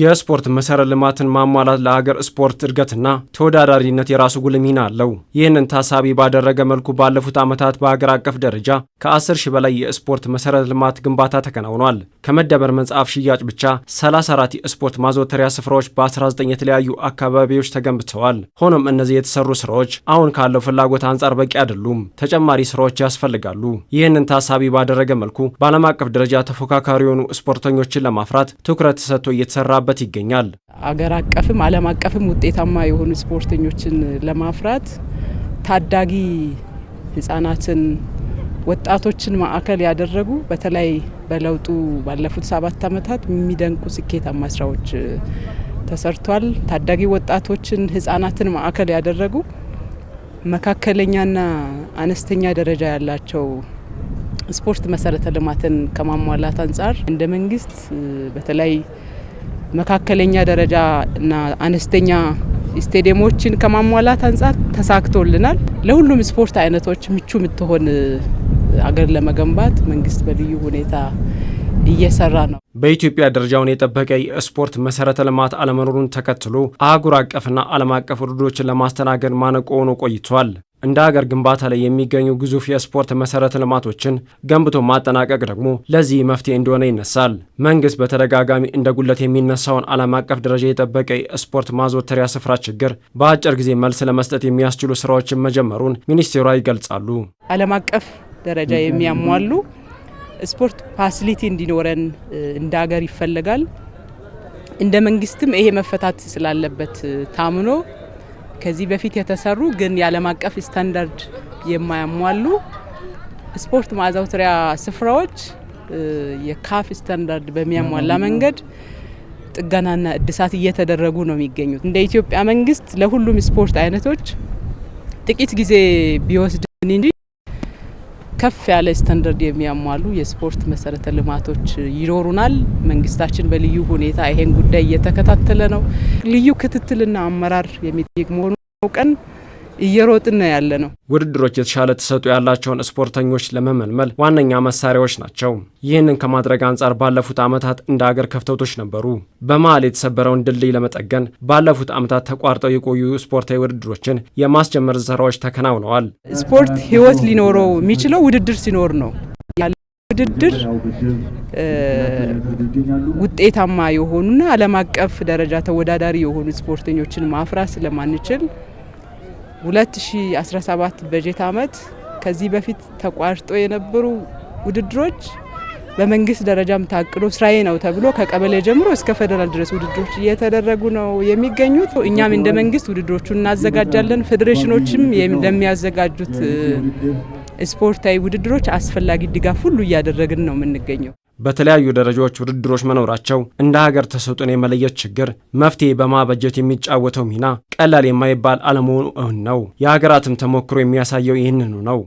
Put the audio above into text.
የስፖርት መሰረተ ልማትን ማሟላት ለሀገር ስፖርት እድገትና ተወዳዳሪነት የራሱ ጉልህ ሚና አለው። ይህንን ታሳቢ ባደረገ መልኩ ባለፉት ዓመታት በሀገር አቀፍ ደረጃ ከ10 ሺህ በላይ የስፖርት መሰረተ ልማት ግንባታ ተከናውኗል። ከመደብር መጽሐፍ ሽያጭ ብቻ 34 የስፖርት ማዘወተሪያ ስፍራዎች በ19 የተለያዩ አካባቢዎች ተገንብተዋል። ሆኖም እነዚህ የተሰሩ ስራዎች አሁን ካለው ፍላጎት አንጻር በቂ አይደሉም፣ ተጨማሪ ስራዎች ያስፈልጋሉ። ይህንን ታሳቢ ባደረገ መልኩ በዓለም አቀፍ ደረጃ ተፎካካሪ የሆኑ ስፖርተኞችን ለማፍራት ትኩረት ተሰጥቶ እየተሰራ እየተሰራበት ይገኛል። አገር አቀፍም ዓለም አቀፍም ውጤታማ የሆኑ ስፖርተኞችን ለማፍራት ታዳጊ ህጻናትን፣ ወጣቶችን ማዕከል ያደረጉ በተለይ በለውጡ ባለፉት ሰባት ዓመታት የሚደንቁ ስኬታማ ስራዎች ተሰርቷል። ታዳጊ ወጣቶችን፣ ህጻናትን ማዕከል ያደረጉ መካከለኛና አነስተኛ ደረጃ ያላቸው ስፖርት መሰረተ ልማትን ከማሟላት አንጻር እንደ መንግስት በተለይ መካከለኛ ደረጃ እና አነስተኛ ስቴዲየሞችን ከማሟላት አንጻር ተሳክቶልናል። ለሁሉም ስፖርት አይነቶች ምቹ የምትሆን አገር ለመገንባት መንግስት በልዩ ሁኔታ እየሰራ ነው። በኢትዮጵያ ደረጃውን የጠበቀ የስፖርት መሰረተ ልማት አለመኖሩን ተከትሎ አህጉር አቀፍና ዓለም አቀፍ ውድድሮችን ለማስተናገድ ማነቆ ሆኖ ቆይቷል። እንደ ሀገር ግንባታ ላይ የሚገኙ ግዙፍ የስፖርት መሰረተ ልማቶችን ገንብቶ ማጠናቀቅ ደግሞ ለዚህ መፍትሄ እንደሆነ ይነሳል። መንግስት በተደጋጋሚ እንደ ጉለት የሚነሳውን ዓለም አቀፍ ደረጃ የጠበቀ የስፖርት ማዘወተሪያ ስፍራ ችግር በአጭር ጊዜ መልስ ለመስጠት የሚያስችሉ ስራዎችን መጀመሩን ሚኒስቴሯ ይገልጻሉ። ዓለም አቀፍ ደረጃ የሚያሟሉ ስፖርት ፋሲሊቲ እንዲኖረን እንደ ሀገር ይፈለጋል። እንደ መንግስትም ይሄ መፈታት ስላለበት ታምኖ ከዚህ በፊት የተሰሩ ግን የዓለም አቀፍ ስታንዳርድ የማያሟሉ ስፖርት ማዘውተሪያ ስፍራዎች የካፍ ስታንዳርድ በሚያሟላ መንገድ ጥገናና እድሳት እየተደረጉ ነው የሚገኙት። እንደ ኢትዮጵያ መንግስት ለሁሉም ስፖርት አይነቶች ጥቂት ጊዜ ቢወስድን እንጂ ከፍ ያለ ስታንዳርድ የሚያሟሉ የስፖርት መሰረተ ልማቶች ይኖሩናል። መንግስታችን በልዩ ሁኔታ ይሄን ጉዳይ እየተከታተለ ነው። ልዩ ክትትልና አመራር የሚጠይቅ መሆኑን አውቀን እየሮጥን ነው ያለ ነው። ውድድሮች የተሻለ ተሰጥኦ ያላቸውን ስፖርተኞች ለመመልመል ዋነኛ መሳሪያዎች ናቸው። ይህንን ከማድረግ አንጻር ባለፉት ዓመታት እንደ አገር ክፍተቶች ነበሩ። በመሀል የተሰበረውን ድልድይ ለመጠገን ባለፉት ዓመታት ተቋርጠው የቆዩ ስፖርታዊ ውድድሮችን የማስጀመር ስራዎች ተከናውነዋል። ስፖርት ህይወት ሊኖረው የሚችለው ውድድር ሲኖር ነው። ውድድር ውጤታማ የሆኑና ዓለም አቀፍ ደረጃ ተወዳዳሪ የሆኑ ስፖርተኞችን ማፍራት ስለማንችል 2017 በጀት ዓመት ከዚህ በፊት ተቋርጦ የነበሩ ውድድሮች በመንግስት ደረጃም ታቅዶ ስራዬ ነው ተብሎ ከቀበሌ ጀምሮ እስከ ፌዴራል ድረስ ውድድሮች እየተደረጉ ነው የሚገኙት። እኛም እንደ መንግስት ውድድሮቹ እናዘጋጃለን። ፌዴሬሽኖችም ለሚያዘጋጁት ስፖርታዊ ውድድሮች አስፈላጊ ድጋፍ ሁሉ እያደረግን ነው የምንገኘው። በተለያዩ ደረጃዎች ውድድሮች መኖራቸው እንደ ሀገር ተሰጥኦን የመለየት ችግር መፍትሄ በማበጀት የሚጫወተው ሚና ቀላል የማይባል አለመሆኑ እውን ነው። የሀገራትም ተሞክሮ የሚያሳየው ይህንኑ ነው።